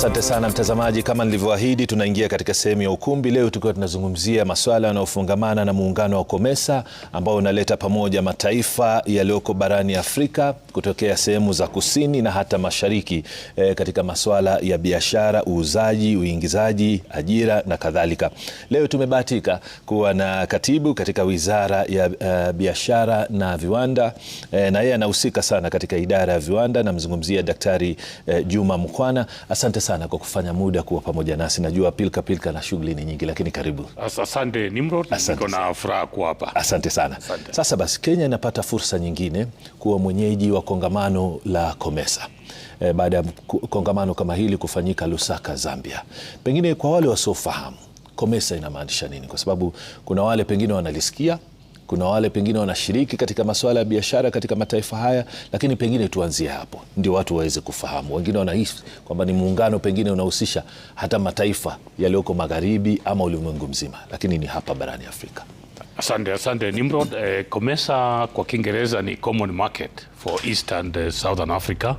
Asante sana mtazamaji, kama nilivyoahidi, tunaingia katika sehemu ya ukumbi leo, tukiwa tunazungumzia masuala yanayofungamana na muungano wa COMESA ambao unaleta pamoja mataifa yaliyoko barani Afrika kutokea sehemu za kusini na hata mashariki e, katika masuala ya biashara, uuzaji, uingizaji, ajira na kadhalika. Leo tumebahatika kuwa na katibu katika wizara ya uh, biashara na viwanda e, na yeye anahusika sana katika idara ya viwanda, namzungumzia Daktari e, Juma Mkwana. Asante sana sana kwa kufanya muda kuwa pamoja nasi. Najua pilka pilka na shughuli ni nyingi, lakini karibu. Asante Nimrod, niko na furaha kuwa hapa. Asante sana. Asante. Sasa basi, Kenya inapata fursa nyingine kuwa mwenyeji wa kongamano la COMESA e, baada ya kongamano kama hili kufanyika Lusaka, Zambia. Pengine kwa wale wasiofahamu COMESA inamaanisha nini, kwa sababu kuna wale pengine wanalisikia kuna wale pengine wanashiriki katika masuala ya biashara katika mataifa haya, lakini pengine tuanzie hapo ndio watu waweze kufahamu. Wengine wanahisi kwamba ni muungano pengine unahusisha hata mataifa yaliyoko magharibi ama ulimwengu mzima, lakini ni hapa barani Afrika. Asante, asante Nimrod. Eh, COMESA kwa Kiingereza ni Common Market for East and eh, Southern Africa,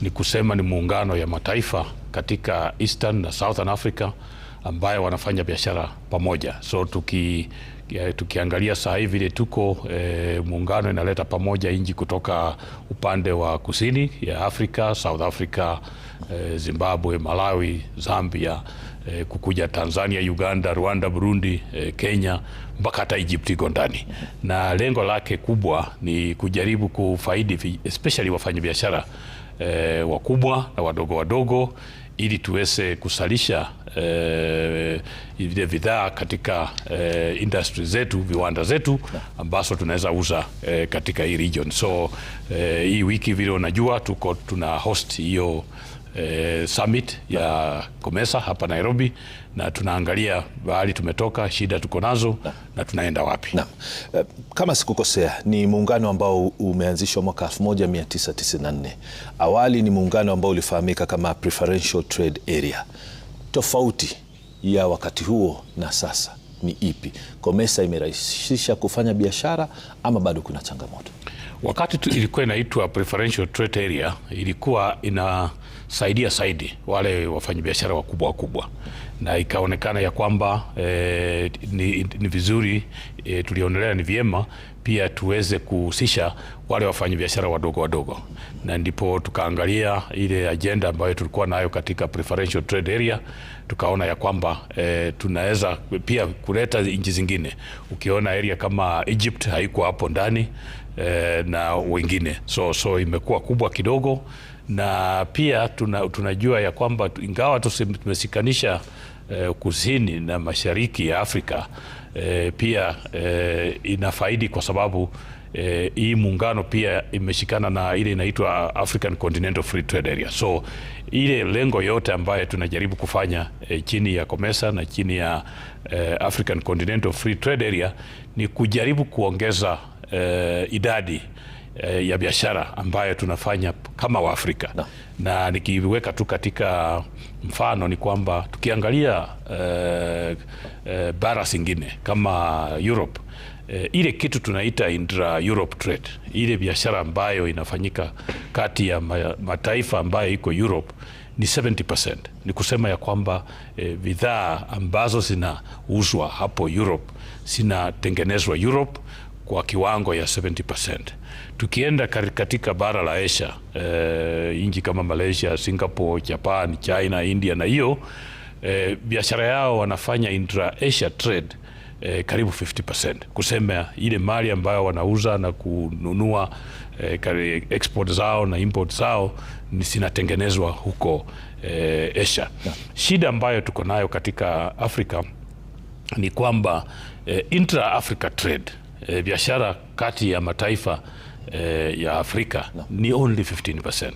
ni kusema ni muungano ya mataifa katika Eastern na Southern Africa ambayo wanafanya biashara pamoja, so tuki tukiangalia saa hivi vile tuko e, muungano inaleta pamoja nchi kutoka upande wa kusini ya Afrika, South Africa, e, Zimbabwe, Malawi, Zambia, e, kukuja Tanzania, Uganda, Rwanda, Burundi, e, Kenya mpaka hata Egypt iko ndani, na lengo lake kubwa ni kujaribu kufaidi especially wafanyabiashara e, wakubwa na wadogo wadogo ili tuweze kusalisha eh, vile bidhaa katika eh, industry zetu viwanda zetu ambazo tunaweza uza eh, katika hii region. So eh, hii wiki vile unajua tuko tuna host hiyo eh, summit ya COMESA hapa Nairobi na tunaangalia bahali tumetoka, shida tuko nazo na, na tunaenda wapi na. Eh, kama sikukosea ni muungano ambao umeanzishwa mwaka 1994. Awali ni muungano ambao ulifahamika kama Preferential Trade Area. Tofauti ya wakati huo na sasa ni ipi? COMESA imerahisisha kufanya biashara ama bado kuna changamoto? Wakati tu ilikuwa inaitwa preferential trade area, ilikuwa inasaidia zaidi wale wafanyabiashara wakubwa wakubwa, na ikaonekana ya kwamba eh, ni, ni vizuri eh, tulionelea ni vyema pia tuweze kuhusisha wale wafanyabiashara wadogo wadogo, na ndipo tukaangalia ile ajenda ambayo tulikuwa nayo katika preferential trade area tukaona ya kwamba e, eh, tunaweza pia kuleta nchi zingine. Ukiona area kama Egypt haiko hapo ndani e, na wengine so so imekuwa kubwa kidogo na pia tuna, tunajua ya kwamba ingawa tumeshikanisha eh, kusini na mashariki ya Afrika eh, pia eh, inafaidi kwa sababu eh, hii muungano pia imeshikana na ile inaitwa African Continental Free Trade Area, so ile lengo yote ambayo tunajaribu kufanya eh, chini ya COMESA na chini ya eh, African Continental Free Trade Area ni kujaribu kuongeza eh, idadi eh, ya biashara ambayo tunafanya kama Waafrika no. Na nikiweka tu katika mfano ni kwamba tukiangalia eh, eh, bara zingine kama Europe eh, ile kitu tunaita intra Europe trade, ile biashara ambayo inafanyika kati ya mataifa ambayo iko Europe ni 70%. Ni kusema ya kwamba eh, bidhaa ambazo zinauzwa hapo Europe zinatengenezwa Europe kwa kiwango ya 70%. Tukienda katika bara la Asia eh, nchi kama Malaysia, Singapore, Japan, China, India na hiyo eh, biashara yao wanafanya intra Asia trade eh, karibu 50%, kusema ile mali ambayo wanauza na kununua eh, export zao na import zao zinatengenezwa huko eh, Asia. Shida ambayo tuko nayo katika Afrika ni kwamba eh, intra Africa trade e, biashara kati ya mataifa e, ya Afrika no. ni only 15%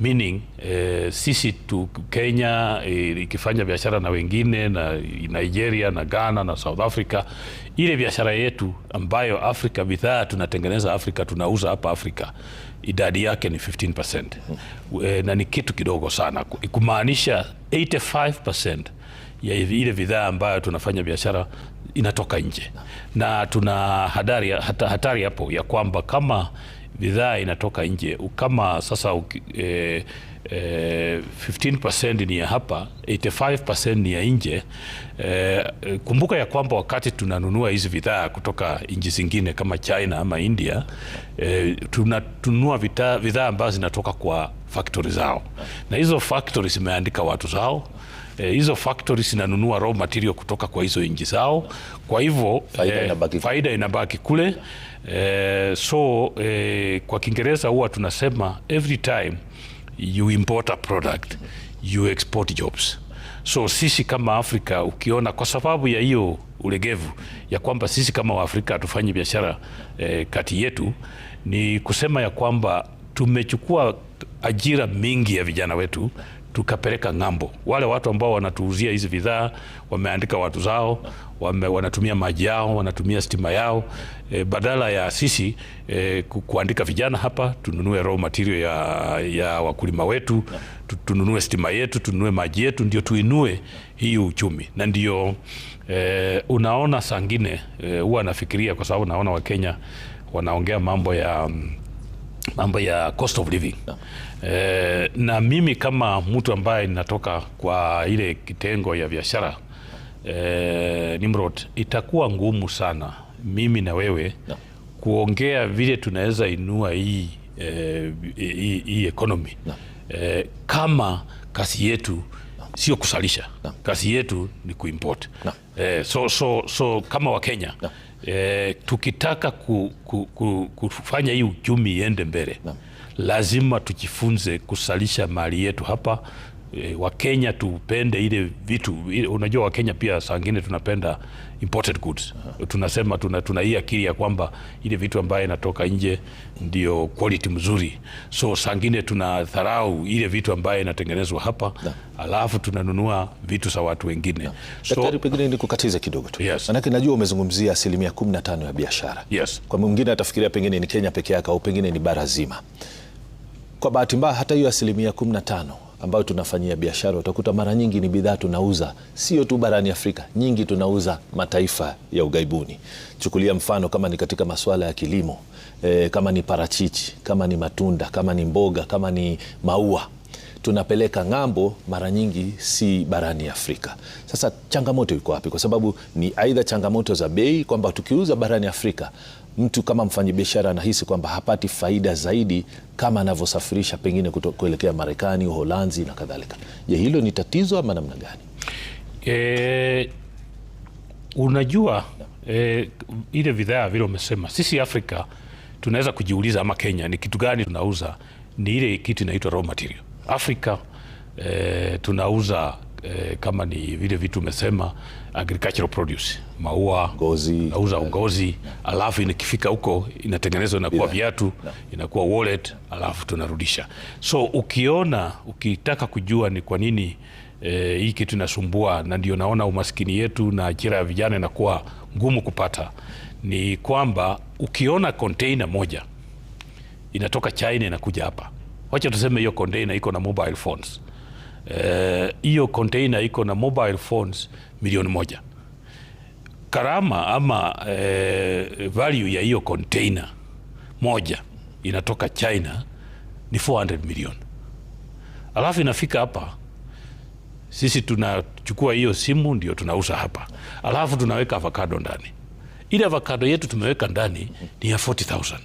meaning e, sisi tu Kenya ikifanya e, biashara na wengine na Nigeria na Ghana na South Africa, ile biashara yetu ambayo Afrika bidhaa tunatengeneza Afrika tunauza hapa Afrika idadi yake ni 15% mm-hmm. e, na ni kitu kidogo sana kumaanisha 85% ya ile bidhaa ambayo tunafanya biashara inatoka nje, na tuna hatari hatari hapo ya kwamba kama bidhaa inatoka nje kama sasa e, e, 15% ni ya hapa, 85% ni ya nje e, kumbuka ya kwamba wakati tunanunua hizi bidhaa kutoka nchi zingine kama China ama India e, tunanunua bidhaa ambazo zinatoka kwa factory zao, na hizo factory zimeandika watu zao E, hizo eh, zinanunua raw material kutoka kwa hizo nchi zao, kwa hivyo faida, eh, inabaki. faida inabaki kule eh, so eh, kwa Kiingereza huwa tunasema every time you import a product you export jobs. So sisi kama Afrika ukiona kwa sababu ya hiyo ulegevu ya kwamba sisi kama Waafrika hatufanyi biashara eh, kati yetu, ni kusema ya kwamba tumechukua ajira mingi ya vijana wetu tukapeleka ng'ambo. Wale watu ambao wanatuuzia hizi bidhaa wameandika watu zao wame, wanatumia maji yao wanatumia stima yao e, badala ya sisi e, kuandika vijana hapa tununue raw material ya, ya wakulima wetu tununue stima yetu tununue maji yetu ndio tuinue hii uchumi, na ndio e, unaona sangine e, huwa e, nafikiria kwa sababu naona Wakenya wanaongea mambo ya mambo ya cost of living E, na mimi kama mtu ambaye ninatoka kwa ile kitengo ya biashara e, Nimrod, itakuwa ngumu sana mimi na wewe no. kuongea vile tunaweza inua hii, eh, hii, hii economy no. e, kama kasi yetu no. sio kusalisha no. kasi yetu ni kuimport no. e, so, so, so kama Wakenya no. e, tukitaka ku, ku, ku, kufanya hii uchumi iende mbele no lazima tujifunze kusalisha mali yetu hapa e, Wakenya tupende ile vitu ile, unajua Wakenya pia saa tunapenda imported goods. Tunasema tuna, tuna hii akili ya kwamba ile vitu ambayo inatoka nje ndio quality mzuri, so saa tuna dharau ile vitu ambayo inatengenezwa hapa da. alafu tunanunua vitu za watu wengine na. So, daktari, pengine nikukatize kidogo tu yes. Manake najua umezungumzia asilimia 15 ya biashara yes. Kwa mwingine atafikiria pengine ni Kenya peke yake au pengine ni bara zima kwa bahati mbaya hata hiyo asilimia 15 ambayo tunafanyia biashara utakuta mara nyingi ni bidhaa tunauza sio tu barani Afrika, nyingi tunauza mataifa ya ugaibuni. Chukulia mfano kama ni katika masuala ya kilimo e, kama ni parachichi, kama ni matunda, kama ni mboga, kama ni maua tunapeleka ng'ambo mara nyingi si barani Afrika. Sasa changamoto iko wapi? Kwa sababu ni aidha changamoto za bei, kwamba tukiuza barani Afrika mtu kama mfanyabiashara anahisi kwamba hapati faida zaidi kama anavyosafirisha pengine kuelekea Marekani, Uholanzi na kadhalika. Je, hilo ni tatizo ama namna gani? E, unajua e, ile bidhaa vile umesema, sisi Afrika tunaweza kujiuliza ama Kenya, ni kitu gani tunauza? Ni ile kitu inaitwa raw material Afrika e, tunauza e, kama ni vile vitu umesema agricultural produce, maua, ngozi, tunauza ngozi, alafu inakifika huko inatengenezwa inakuwa viatu, inakuwa wallet, alafu tunarudisha. So ukiona ukitaka kujua ni kwa nini E, hii kitu inasumbua na ndio naona umaskini yetu na ajira ya vijana inakuwa ngumu kupata, ni kwamba ukiona container moja inatoka China inakuja hapa wacha tuseme hiyo container iko na mobile phones eh, hiyo uh, container iko na mobile phones milioni moja. Karama ama uh, value ya hiyo container moja inatoka China ni 400 milioni, alafu inafika hapa sisi tunachukua hiyo simu ndio tunauza hapa, alafu tunaweka avocado ndani. Ile avocado yetu tumeweka ndani ni ya 40000.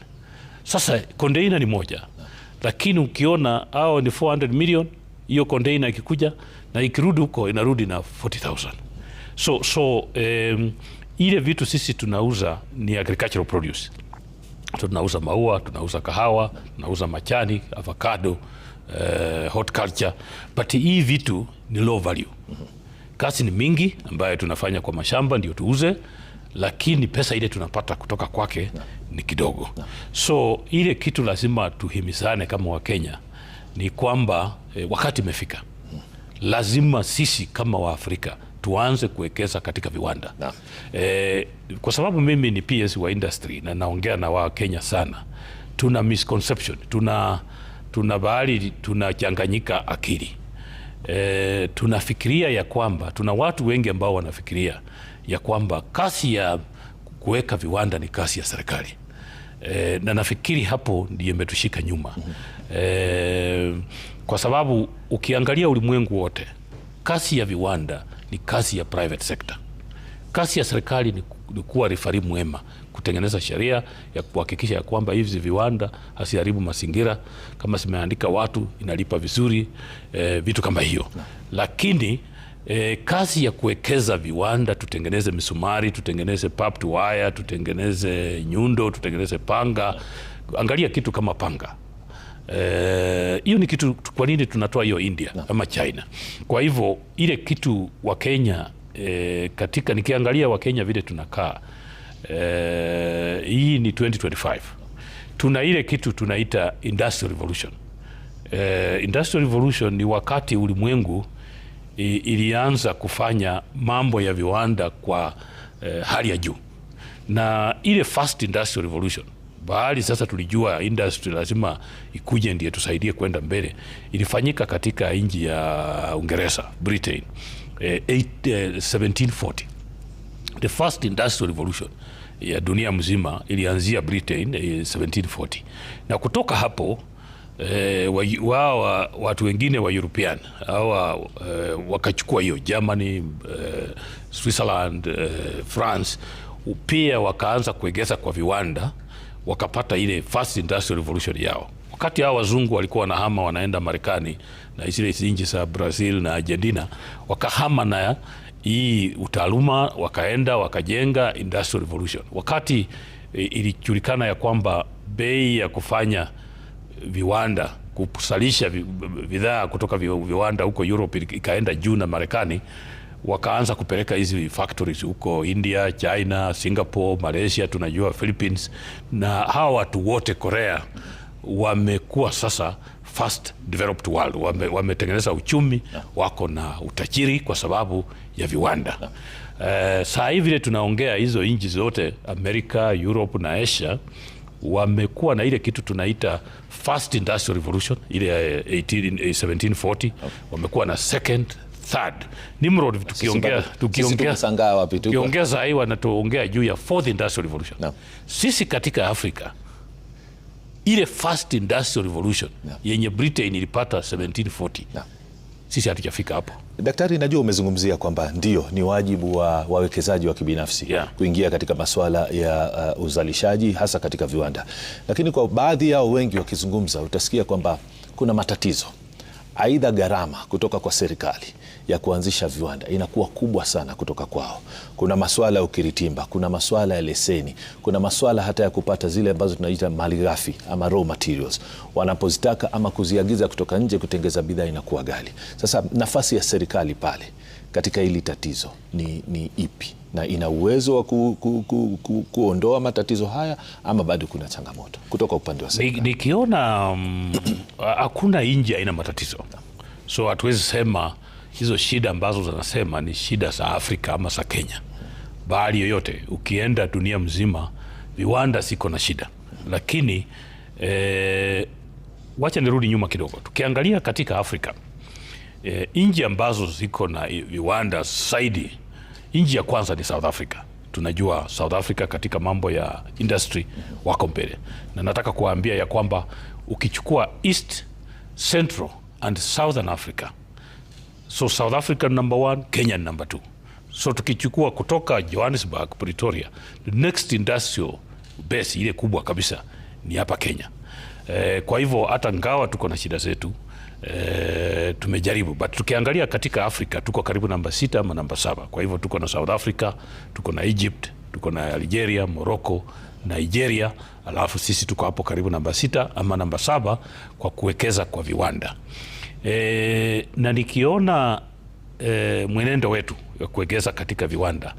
Sasa container ni moja lakini ukiona hao ni 400 million, hiyo container ikikuja na ikirudi huko inarudi na 40000. So, so um, ile vitu sisi tunauza ni agricultural produce. So, tunauza maua, tunauza kahawa, tunauza machani, avocado, uh, hot culture, but hii vitu ni low value. Kazi ni mingi ambayo tunafanya kwa mashamba ndio tuuze lakini pesa ile tunapata kutoka kwake ni kidogo So ile kitu lazima tuhimizane kama Wakenya ni kwamba eh, wakati imefika lazima sisi kama Waafrika tuanze kuwekeza katika viwanda Eh, kwa sababu mimi ni PS wa industry na naongea na Wakenya sana, tuna misconception, tuna tuna bahari, tunachanganyika akili eh, tunafikiria ya kwamba tuna watu wengi ambao wanafikiria ya kwamba kasi ya kuweka viwanda ni kasi ya serikali. E, na nafikiri hapo ndiyo imetushika nyuma e, kwa sababu ukiangalia ulimwengu wote kasi ya viwanda ni kasi ya private sector. Kasi ya serikali ni, ni kuwa rifari mwema, kutengeneza sheria ya kuhakikisha ya kwamba hivi viwanda hasiharibu mazingira, kama simeandika watu inalipa vizuri e, vitu kama hiyo, lakini E, kazi ya kuwekeza viwanda, tutengeneze misumari, tutengeneze pipe wire, tutengeneze nyundo, tutengeneze panga. Angalia kitu kama panga e, hiyo, e, ni kitu. Kwa nini tunatoa hiyo India ama China? Kwa hivyo ile kitu Kenya e, katika nikiangalia Wakenya vile tunakaa e, hii ni 2025 tuna ile kitu tunaita industrial revolution. E, industrial revolution ni wakati ulimwengu ilianza kufanya mambo ya viwanda kwa eh, hali ya juu na ile first industrial revolution bahali sasa tulijua industry lazima ikuje ndiye tusaidie kwenda mbele. Ilifanyika katika nchi ya Uingereza, Britain, eh, eight, eh, 1740 the first industrial revolution ya dunia mzima ilianzia Britain eh, 1740 na kutoka hapo eh, wa, wa, watu wengine wa European hawa eh, wakachukua hiyo Germany eh, Switzerland eh, France pia wakaanza kuegeza kwa viwanda wakapata ile first industrial revolution yao. Wakati hao wazungu walikuwa wanahama wanaenda Marekani na zile nchi za Brazil na Argentina, wakahama na hii utaaluma wakaenda wakajenga industrial revolution. Wakati eh, ilijulikana ya kwamba bei ya kufanya viwanda kusalisha bidhaa kutoka viwanda huko Europe ikaenda juu na Marekani wakaanza kupeleka hizi factories huko India, China, Singapore, Malaysia, tunajua Philippines, na hawa watu wote Korea wamekuwa sasa first developed world, wametengeneza wame uchumi wako na utajiri kwa sababu ya viwanda. Uh, saa hii vile tunaongea hizo nchi zote Amerika, Europe na Asia wamekuwa na ile kitu tunaita first industrial revolution ile ya 1740 eh, wamekuwa na second third Nimrod, tukiongea tukiongea tukiongea saa hii wanatuongea juu ya fourth industrial revolution no. Sisi katika Afrika ile first industrial revolution no. yenye Britain ilipata 1740 no sisi hatujafika hapo. Daktari, najua umezungumzia kwamba ndio ni wajibu wa wawekezaji wa kibinafsi yeah, kuingia katika masuala ya uh, uzalishaji hasa katika viwanda, lakini kwa baadhi yao wengi wakizungumza utasikia kwamba kuna matatizo Aidha, gharama kutoka kwa serikali ya kuanzisha viwanda inakuwa kubwa sana kutoka kwao. Kuna masuala ya ukiritimba, kuna masuala ya leseni, kuna masuala hata ya kupata zile ambazo tunaita malighafi ama raw materials. Wanapozitaka ama kuziagiza kutoka nje kutengeza bidhaa inakuwa ghali. Sasa nafasi ya serikali pale katika hili tatizo ni, ni ipi na ina uwezo wa ku, ku, ku, ku, kuondoa matatizo haya ama bado kuna changamoto kutoka upande wa Nikiona ni mm, hakuna nji haina matatizo, so hatuwezi sema hizo shida ambazo zinasema ni shida za Afrika ama za Kenya, bahali yoyote ukienda dunia mzima viwanda siko na shida, lakini eh, wacha nirudi nyuma kidogo, tukiangalia katika Afrika e, eh, nchi ambazo ziko na viwanda zaidi, nchi ya kwanza ni South Africa. Tunajua South Africa katika mambo ya industry wako mbele, na nataka kuwaambia ya kwamba ukichukua East Central and Southern Africa, so South Africa number one, Kenya number two. So tukichukua kutoka Johannesburg, Pretoria, the next industrial base ile kubwa kabisa ni hapa Kenya. E, kwa hivyo hata ngawa tuko na shida zetu Eh, tumejaribu but tukiangalia katika Afrika tuko karibu namba sita ama namba saba. Kwa hivyo tuko na South Africa, tuko na Egypt, tuko na Algeria, Morocco, Nigeria, alafu sisi tuko hapo karibu namba sita ama namba saba kwa kuwekeza kwa viwanda e, na nikiona e, mwenendo wetu wa kuwekeza katika viwanda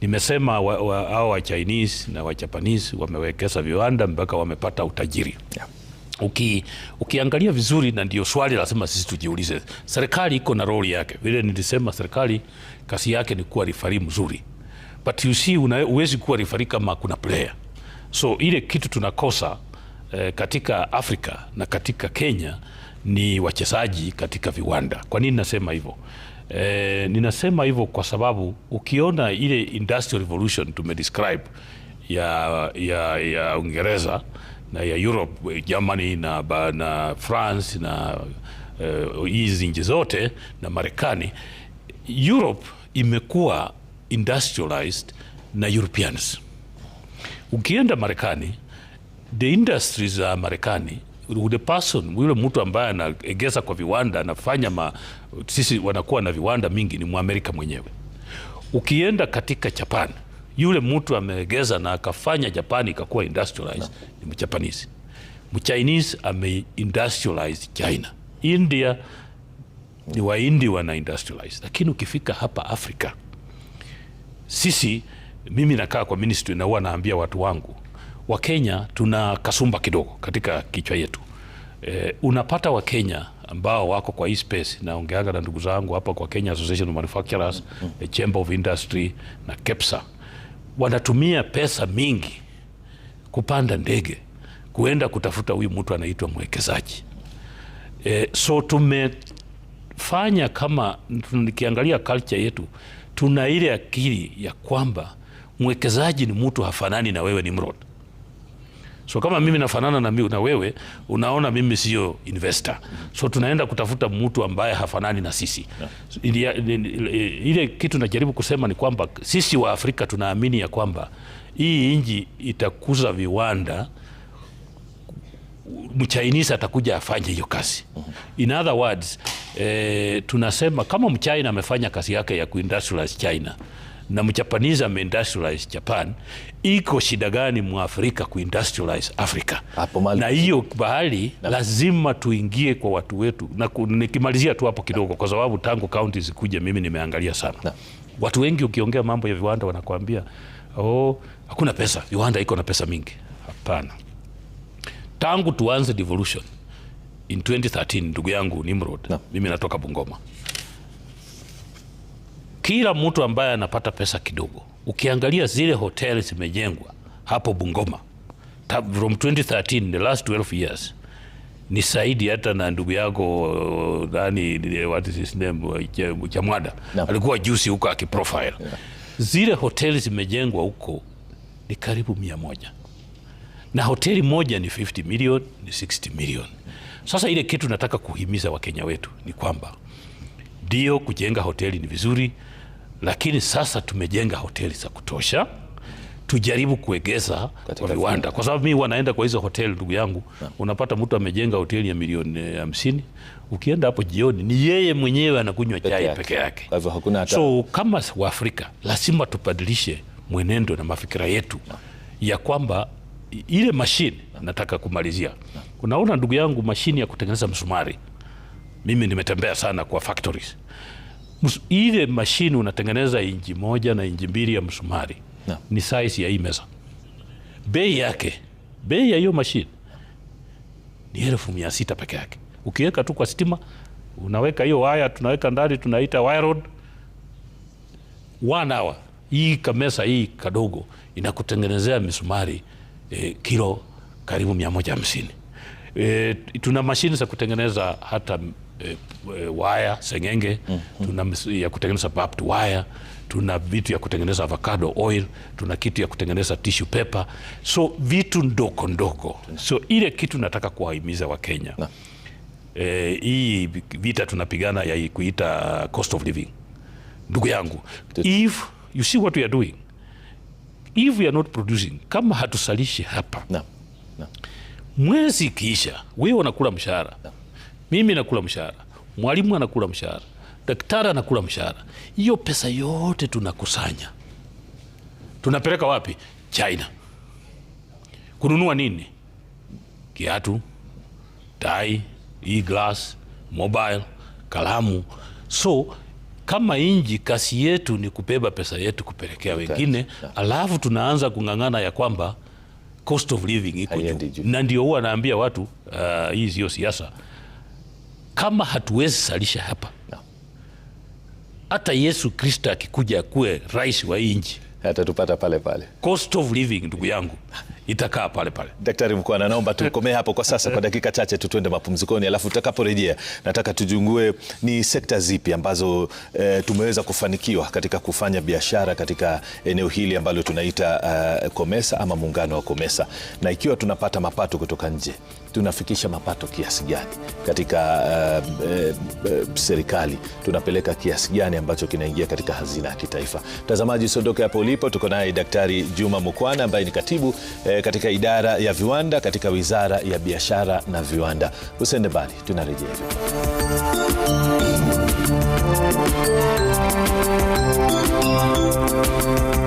nimesema hao wa, wa, wa Chinese na wa Japanese wamewekeza viwanda mpaka wamepata utajiri yeah. Uki, ukiangalia vizuri, na ndio swali lazima sisi tujiulize. Serikali iko na roli yake, vile nilisema, serikali kazi yake ni kuwa rifari mzuri, but you see, una, uwezi kuwa rifari kama kuna player. So ile kitu tunakosa eh, katika Afrika na katika Kenya ni wachezaji katika viwanda. Kwa nini nasema hivyo? Eh, ninasema hivyo kwa sababu ukiona ile industrial revolution tumedescribe ya, ya, ya Uingereza na ya Europe, Germany na, na France na eh, hizi uh, nchi zote na Marekani. Europe imekuwa industrialized na Europeans. Ukienda Marekani, the industries za Marekani the person yule mtu ambaye anaegeza kwa viwanda anafanya ma, sisi wanakuwa na viwanda mingi ni Mwamerika mwenyewe. Ukienda katika Japan yule mtu ameegeza na akafanya Japani ikakuwa industrialized ni mchapanisi. Mchinese ame industrialize China. India ni Waindi wana industrialize, lakini ukifika hapa Afrika sisi, mimi nakaa kwa ministry na huwa naambia watu wangu wa Kenya tuna kasumba kidogo katika kichwa yetu. E, unapata wa Kenya ambao wako kwa hii space, na naongeaga na ndugu zangu hapa kwa Kenya Association of Manufacturers, mm -hmm. Chamber of Industry na KEPSA wanatumia pesa mingi kupanda ndege kuenda kutafuta huyu mtu anaitwa mwekezaji. E, so tumefanya kama nikiangalia culture yetu, tuna ile akili ya kwamba mwekezaji ni mtu hafanani na wewe ni mrod So kama mimi nafanana na, na wewe unaona mimi sio investor, so tunaenda kutafuta mtu ambaye hafanani na sisi yeah. Ile kitu najaribu kusema ni kwamba sisi wa Afrika tunaamini ya kwamba hii inji itakuza viwanda Mchainisi atakuja afanye hiyo kazi. Mm-hmm. In other words, eh, tunasema kama Mchina amefanya kazi yake ya kuindustrialize China na mjapanese ameindustrialize Japan, iko shida gani afrika kuindustrialize Africa? Na hiyo bahali lazima tuingie kwa watu wetu, na nikimalizia tu hapo kidogo, kwa sababu tangu kaunti zikuja mimi nimeangalia sana na. Watu wengi ukiongea mambo ya viwanda wanakuambia oh, hakuna pesa, viwanda iko na pesa mingi. Hapana, tangu tuanze devolution in 2013 ndugu yangu Nimrod, na. mimi natoka Bungoma kila mtu ambaye anapata pesa kidogo, ukiangalia zile hoteli zimejengwa hapo Bungoma from 2013 the last 12 years ni saidi hata na ndugu yako nani, what is his name, Chamwada no. alikuwa juicy huko akiprofile yeah. zile hoteli zimejengwa huko ni karibu mia moja na hoteli moja ni 50 million, ni 60 million. Sasa ile kitu nataka kuhimiza Wakenya wetu ni kwamba ndio kujenga hoteli ni vizuri, lakini sasa tumejenga hoteli za kutosha, tujaribu kuegeza kwa viwanda, kwa sababu mi wanaenda kwa hizo hoteli, ndugu yangu na. Unapata mtu amejenga hoteli ya milioni hamsini, ukienda hapo jioni ni yeye mwenyewe anakunywa chai peke yake. so kama Waafrika lazima tubadilishe mwenendo na mafikira yetu na. ya kwamba ile mashine na. nataka kumalizia na. unaona ndugu yangu, mashine ya kutengeneza msumari, mimi nimetembea sana kwa factories ile mashini unatengeneza inji moja na inji mbili ya msumari no. ni size ya hii meza, bei yake, bei ya hiyo mashini ni elfu mia sita peke yake. Ukiweka tu kwa stima, unaweka hiyo waya, tunaweka ndani, tunaita wire one hour hii kamesa hii kadogo inakutengenezea misumari eh, kilo karibu mia moja hamsini. Eh, tuna mashini za kutengeneza hata Eh, eh, e, waya sengenge mm -hmm. tuna ya kutengeneza barbed wire, tuna vitu ya kutengeneza avocado oil, tuna kitu ya kutengeneza tissue paper, so vitu ndoko ndoko. So ile kitu nataka kuwahimiza Wakenya na. E, hii vita tunapigana ya kuita cost of living, ndugu yangu, if you see what we are doing, if we are not producing, kama hatusalishi hapa na. Na. mwezi kiisha, wewe unakula mshahara na mimi nakula mshahara, mwalimu anakula mshahara, daktari anakula mshahara. Hiyo pesa yote tunakusanya tunapeleka wapi? China, kununua nini? Kiatu, tai, e glass, mobile, kalamu. So kama inji kasi yetu ni kubeba pesa yetu kupelekea wengine, alafu tunaanza kung'ang'ana ya kwamba cost of living iko juu, na ndio huwa naambia watu uh, hii sio siasa kama hatuwezi salisha hapa hata Yesu Kristo akikuja akuwe rais wa nchi, atatupata pale pale. Cost of living, ndugu yangu itakaa pale pale. Daktari Mkwana, naomba tukomee hapo kwa sasa kwa dakika chache tu, tuende mapumzikoni, alafu tutakaporejea nataka tujungue ni sekta zipi ambazo e, tumeweza kufanikiwa katika kufanya biashara katika eneo hili ambalo tunaita uh, COMESA ama muungano wa COMESA, na ikiwa tunapata mapato kutoka nje tunafikisha mapato kiasi gani katika uh, uh, uh, serikali, tunapeleka kiasi gani ambacho kinaingia katika hazina ya kitaifa. Mtazamaji, usiondoke hapo ulipo, tuko naye Daktari Juma Mukwana ambaye ni katibu eh, Eh, katika idara ya viwanda katika wizara ya biashara na viwanda. Usende mbali, tunarejea.